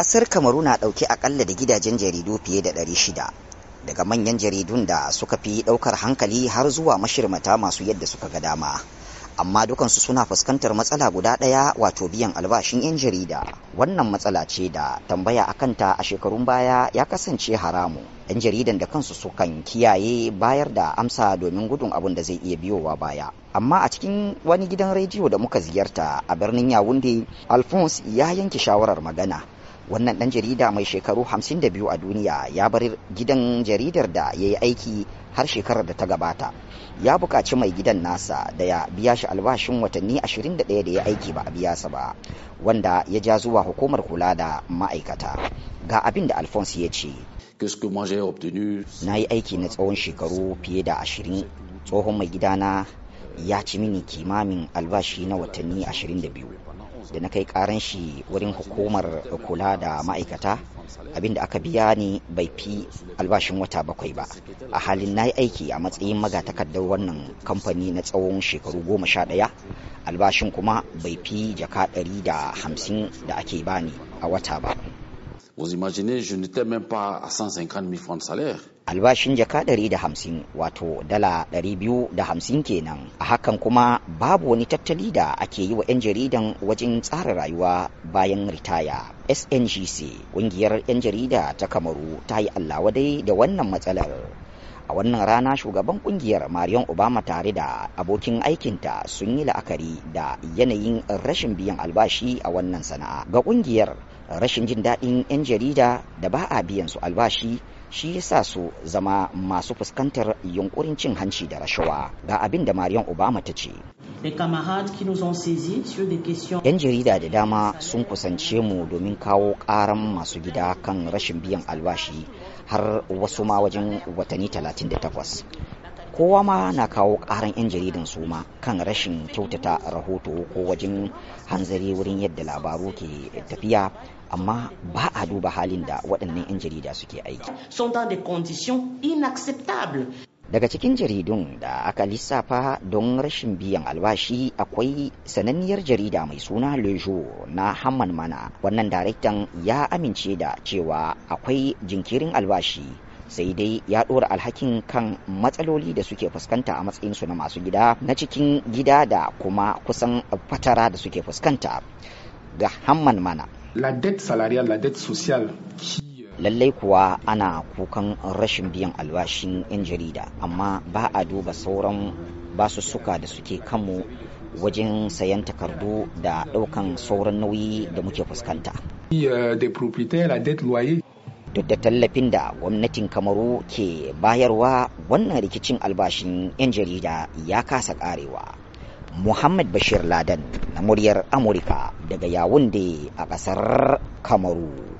kasar kamaru na dauke akalla da gidajen jaridu fiye da 600 daga manyan jaridun da suka fi daukar hankali har zuwa mashirmata masu yadda suka ga dama amma dukansu suna fuskantar matsala guda ɗaya wato biyan albashin 'yan jarida wannan matsala ce da tambaya a kanta a shekarun baya ya kasance haramu 'yan jaridan da kansu sukan kiyaye bayar da amsa domin gudun abin da zai iya biyowa baya amma a cikin wani gidan rediyo da muka ziyarta a birnin yawunde alphonse ya yanke shawarar magana wannan dan jarida mai shekaru 52 a duniya ya bar gidan jaridar da ya yi aiki har shekarar da ta gabata ya buƙaci mai gidan nasa da ya biya shi albashin watanni 21 da ya aiki ba a biya sa ba wanda ya ja zuwa hukumar kula da ma'aikata ga abin da alphonse ya ce na yi aiki na tsawon shekaru fiye da 20 tsohon mai gidana ya ci mini kimamin albashi na watanni 22 da na kai karan shi wurin hukumar kula da ma'aikata abin da aka biya ni bai fi albashin wata bakwai ba a halin na yi aiki a matsayin magatakardar wannan kamfani na tsawon shekaru goma sha ɗaya albashin kuma bai fi jaka ɗari da hamsin da ake bani a wata ba Vous imaginez, je n'étais même pas à 150 000 francs de salaire. Albashin jaka ɗari da hamsin wato dala ɗari biyu da hamsin kenan. A hakan kuma babu wani tattali da ake yi wa 'yan jaridan wajen tsara rayuwa bayan ritaya. SNGC ƙungiyar 'yan jarida ta Kamaru ta yi Allah wadai da wannan matsalar. a wannan rana shugaban kungiyar marion obama tare da abokin aikinta sun yi la'akari da yanayin rashin biyan albashi a wannan sana'a ga kungiyar rashin jin daɗin 'yan jarida da ba a biyan su albashi shi yasa su zama masu fuskantar yunkurin cin hanci da rashawa ga abin da mariyan obama ta ce yan jarida da dama sun kusance mu domin kawo ƙaran masu gida kan rashin biyan albashi har wasu ma wajen watanni 38 kowa ma na kawo ƙaran 'yan jaridan su ma kan rashin kyautata rahoto ko wajen hanzari wurin yadda labaru ke tafiya amma ba a duba halin da waɗannan 'yan jarida suke aiki. Daga cikin jaridun da aka lissafa don rashin biyan albashi akwai sananniyar jarida mai suna Lejo na Hamman Mana. Wannan daraktan ya amince da cewa akwai jinkirin albashi sai dai ya ɗora alhakin kan matsaloli da suke fuskanta a matsayin su na masu gida na cikin gida da kuma kusan fatara da suke fuskanta ga hamman mana la dette salariale euh, lallai kuwa ana kukan rashin biyan albashin 'yan jarida amma ba a duba sauran basussuka da suke kanmu wajen sayan takardu da ɗaukan sauran nauyi da muke fuskanta. Euh, Duk da tallafin da gwamnatin Kamaru ke bayarwa wannan rikicin albashin 'yan jarida ya kasa ƙarewa. Muhammad Bashir Laden na muryar Amurka daga Yawunde a ƙasar Kamaru.